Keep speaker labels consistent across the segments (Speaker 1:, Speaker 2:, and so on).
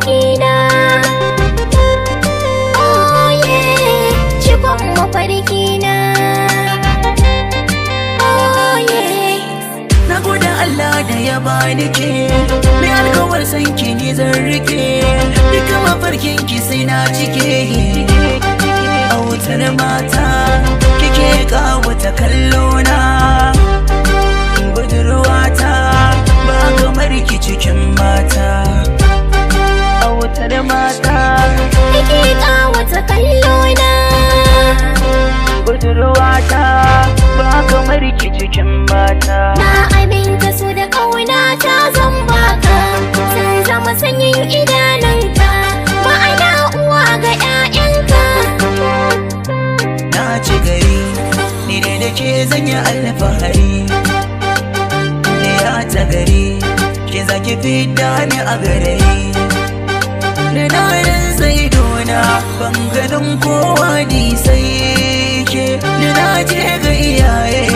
Speaker 1: cikina oye cikon na gode Allah da ya bani mai alkawar sanki ni zan rike duka farkin ki sai na cike a wutar mata kike kawo ta kallo ta na aminta su da kauna ta zan baka sai zama sanyin idanunka ma'ana uwa ga 'ya'yanka na ci gari ni ne da ke zanya alfahari ne ya ta gari ke ki fi ni a garari da na rantsai dona ban ganin kowa ni sai ke na je ga iyaye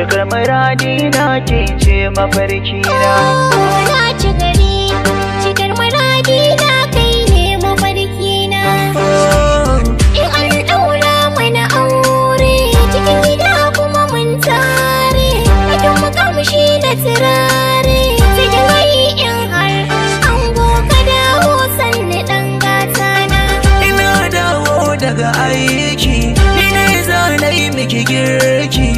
Speaker 1: Cikar muradi na ke ce mafarki na. Oh, ci gari, cikar muradi na kai ne mafarki na. In an ɗaura mana aure, cikin gida kuma mun tare. Idan makamshi na turare, cikin gari in har an goka dawo sanni ɗan gata na. Ina dawo daga aiki, ni ne zanai miki girki.